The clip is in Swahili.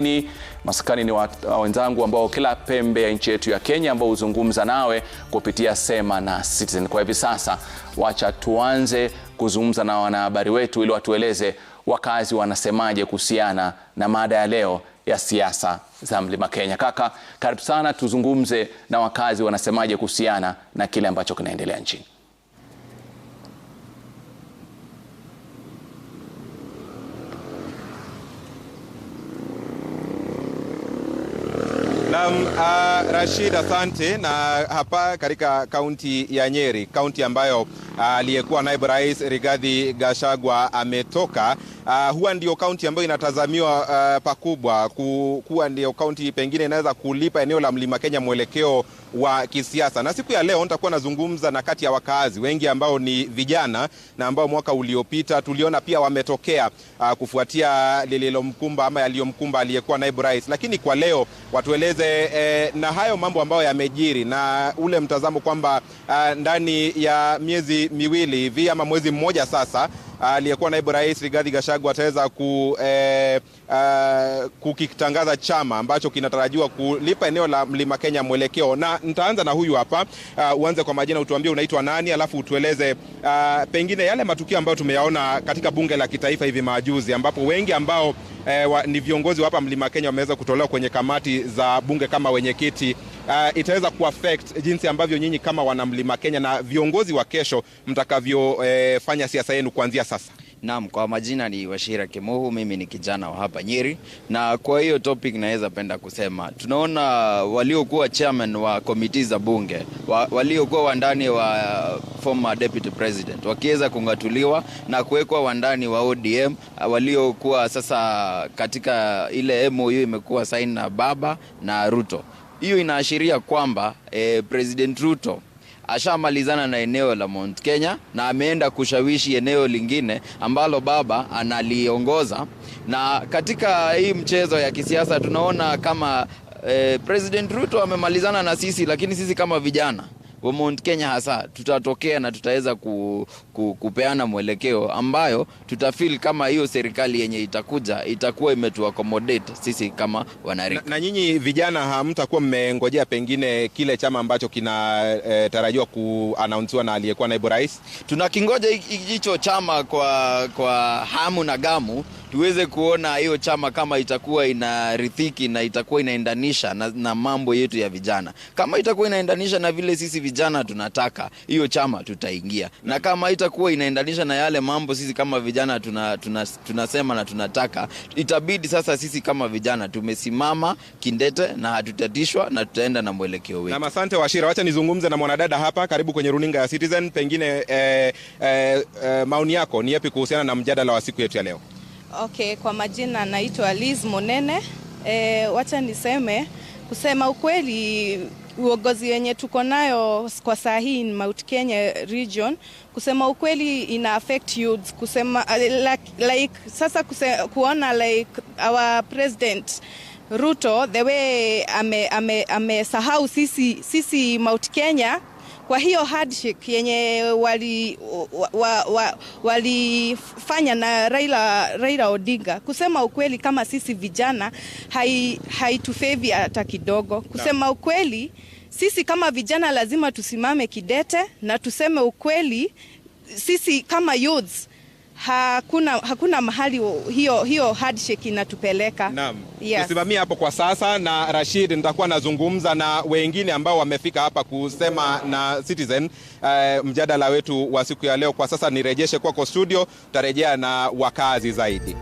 Ni maskani ni wenzangu ambao kila pembe ya nchi yetu ya Kenya ambao huzungumza nawe kupitia Sema na Citizen. Kwa hivi sasa, wacha tuanze kuzungumza na wanahabari wetu ili watueleze wakazi wanasemaje kuhusiana na mada ya leo ya siasa za Mlima Kenya. Kaka, karibu sana, tuzungumze na wakazi wanasemaje kuhusiana na kile ambacho kinaendelea nchini. Naam, uh, Rashid asante. Na hapa katika kaunti ya Nyeri, kaunti ambayo ah, aliyekuwa uh, naibu rais Rigathi Gachagua ametoka. Uh, huwa ndio kaunti ambayo inatazamiwa uh, pakubwa kuwa ndio kaunti pengine inaweza kulipa eneo la Mlima Kenya mwelekeo wa kisiasa. Na siku ya leo nitakuwa nazungumza na kati ya wakaazi wengi ambao ni vijana na ambao mwaka uliopita tuliona pia wametokea uh, kufuatia lililomkumba ama yaliyomkumba aliyekuwa naibu rais, lakini kwa leo watueleze tuzungumze eh, na hayo mambo ambayo yamejiri na ule mtazamo kwamba uh, ndani ya miezi miwili hivi ama mwezi mmoja sasa eh, aliyekuwa uh, naibu rais Rigathi Gachagua ataweza ku, eh, uh, kukitangaza chama ambacho kinatarajiwa kulipa eneo la Mlima Kenya mwelekeo. Na nitaanza na huyu hapa uh, uanze kwa majina, utuambie unaitwa nani, alafu utueleze uh, pengine yale matukio ambayo tumeyaona katika bunge la kitaifa hivi majuzi, ambapo wengi ambao e, wa, ni viongozi wa hapa Mlima Kenya wameweza kutolewa kwenye kamati za bunge kama wenyekiti. Uh, itaweza kuaffect jinsi ambavyo nyinyi kama wana Mlima Kenya na viongozi wa kesho mtakavyofanya eh, siasa yenu kuanzia sasa. Naam, kwa majina ni Washira Kimuhu, mimi ni kijana wa hapa Nyeri, na kwa hiyo topic naweza penda kusema tunaona waliokuwa chairman wa komiti za bunge wa, waliokuwa wandani wa former deputy president wakiweza kungatuliwa na kuwekwa wandani wa ODM waliokuwa sasa katika ile MOU imekuwa saini na Baba na Ruto. Hiyo inaashiria kwamba eh, President Ruto ashamalizana na eneo la Mount Kenya na ameenda kushawishi eneo lingine ambalo baba analiongoza. Na katika hii mchezo ya kisiasa tunaona kama eh, President Ruto amemalizana na sisi, lakini sisi kama vijana kwa Mount Kenya hasa tutatokea na tutaweza ku, ku, kupeana mwelekeo ambayo tutafil kama hiyo serikali yenye itakuja itakuwa imetu accommodate sisi kama wanarika. Na, na nyinyi vijana hamtakuwa mmengojea pengine kile chama ambacho kinatarajiwa eh, e, kuanaunsiwa na aliyekuwa naibu rais? Tunakingoja hicho chama kwa, kwa hamu na gamu tuweze kuona hiyo chama kama itakuwa inarithiki na itakuwa inaendanisha na, na mambo yetu ya vijana. Kama itakuwa inaendanisha na vile sisi vijana tunataka, hiyo chama tutaingia, na kama itakuwa inaendanisha na yale mambo sisi kama vijana tuna, tuna, tunasema na tunataka, itabidi sasa sisi kama vijana tumesimama kindete na hatutatishwa na tutaenda na mwelekeo wetu. Na asante Washira, wacha nizungumze na mwanadada hapa karibu kwenye runinga ya Citizen, pengine eh, eh, eh, maoni yako ni yapi kuhusiana na mjadala wa siku yetu ya leo? Okay, kwa majina naitwa Liz Monene. E, wacha niseme kusema ukweli uongozi wenye tuko nayo kwa saa hii in Mount Kenya region, kusema ukweli ina affect youth kusema like, like sasa kuse, kuona like our president Ruto the way amesahau ame, ame sisi, sisi Mount Kenya kwa hiyo hardship yenye walifanya wa, wa, wali na Raila, Raila Odinga, kusema ukweli, kama sisi vijana haitufevi hai hata kidogo. Kusema ukweli, sisi kama vijana lazima tusimame kidete na tuseme ukweli, sisi kama youths hakuna, hakuna mahali hiyo, hiyo handshake inatupeleka. Naam. Yes. Tusimamia hapo kwa sasa, na Rashid, nitakuwa nazungumza na wengine ambao wamefika hapa kusema na Citizen uh, mjadala wetu wa siku ya leo. Kwa sasa nirejeshe kwako studio, tutarejea na wakazi zaidi.